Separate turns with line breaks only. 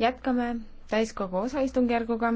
jätkame täiskogu osaistungjärguga.